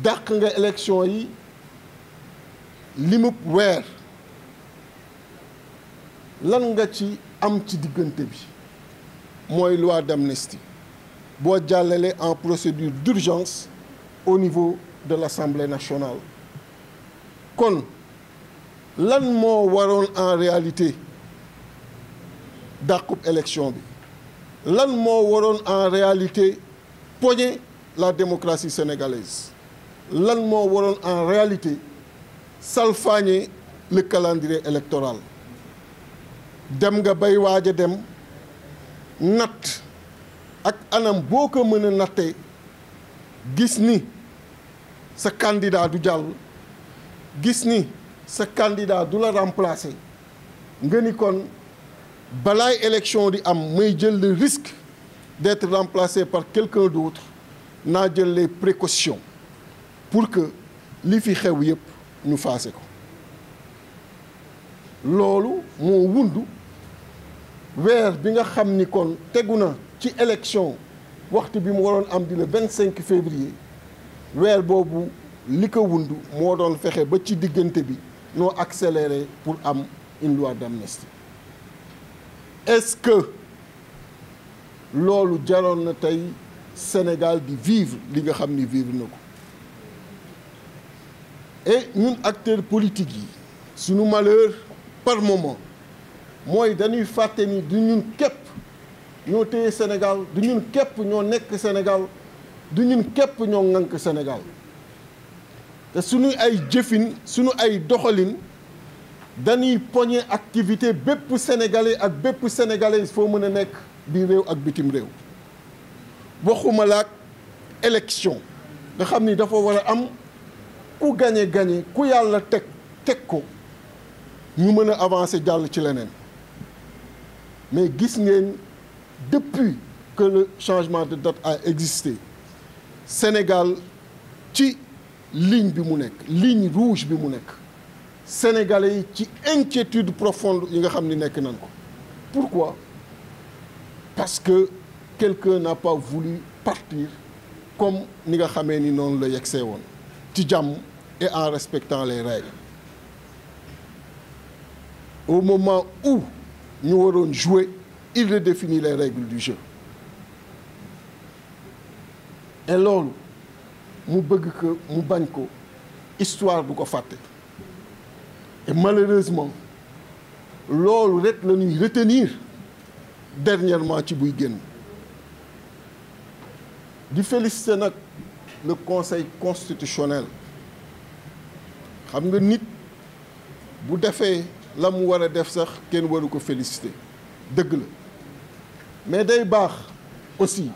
dàq nga élection yi limub weer lan nga ci am ci diggante bi mooy loi d'amnistie boo jàllale en procédure d'urgence au niveau de l'Assemblée nationale kon lan moo waroon en réalité dàqub élection bi lan moo waroon en réalité poñe la démocratie sénégalaise lan moo waroon en réalité salfaañe le calendrier électoral dem nga bay waaj a dem natt ak anam boo ko mën a nattee gis ni sa candidat du jàll gis ni sa candidat du la remplacer nga ni kon balaay élection di am may jël le risque d'être remplacé par quelqu'un d'autre naa jël les précautions pour que li fi xew yëpp ñu faase ko loolu moo wundu weer bi nga xam ni kon tegu na ci élection waxtu bi mu waroon am di le vingt cinq février weer boobu li ko wundu moo doon fexe ba ci diggante bi noo accéléré pour am une loi d'amnistie est-ce que loolu jaroon na tey Sénégal di vivre li nga xam ni vivre na ko et ñun acteurs politiques yi suñu malheur par moment mooy dañuy fàtte ni du ñun képp ñoo téye Sénégal du ñun képp ñoo nekk Sénégal du ñun képp ñoo ŋànk Sénégal te suñu ay jëfin suñu ay doxalin dañuy poñe activité bépp sénégalais ak bépp sénégalais foo mën a nekk biir réew ak bitim réew waxuma laak élection nga xam ni dafa war a am ku gañe gañe ku yàlla teg teg ko ñu mën a avancer jàll ci leneen mais gis ngeen depuis que changement de date a existé Sénégal ci ligne bi mu nekk ligne rouge bi mu nekk sénégalais yi ci inquiétude profonde yi nga xam ni nekk nan ko pourquoi parce que quelqu'un n'a pas voulu partir comme ni nga xamee ni noonu la yegsee woon ci jàmm et en respectant les règles au moment ou ñu waroon jouer il redéfinit les règles du jeu et loolu mu bëgg ko mu bañ ko histoire bu ko fàtte et malheureusement loolu rek la ñuy retenir dernièrement ci buy génn di félicité nag le conseil constitutionnel xam nga nit bu defee la mu war a def sax kenn waru ko féliciter dëgg la mais day baax aussi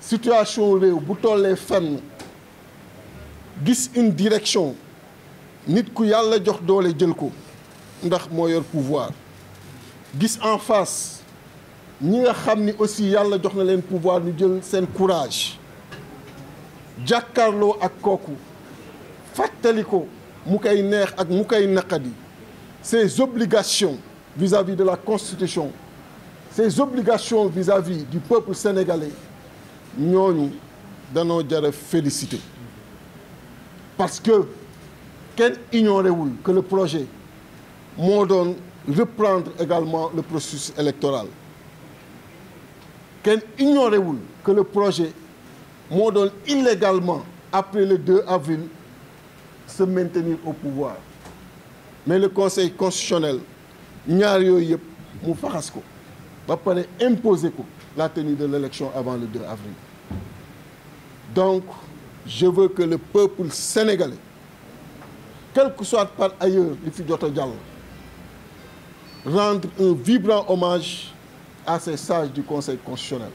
situation réew bu tollee fan gis une direction nit ku yàlla jox doole jël ko ndax moo yor pouvoir gis en face ñi nga xam ni aussi yàlla jox na leen pouvoir ñu jël seen courage jàkkaarloo ak kooku fàttali ko mu koy neex ak mu koy naqadi ses obligations vis-à-vis de la constitution ses obligations vis-à-vis du peuple sénégalais ñooñu danoo jara félicité parce que kenn ignorewul que le projet moo doon reprendre également le processus électoral kenn ignorewul que le projet moo doon illégalement après le 2 avril se maintenir au pouvoir mais le conseil constitutionnel ñaar yooyu yëpp mu faxas ko ba pare imposer ko la tenue de l'élection avant le 2 avril donc je veux que le peuple sénégalais quel que soit par ailleurs li fi jot a jàll rendre un vibrant hommage à ces sages du conseil constitutionnel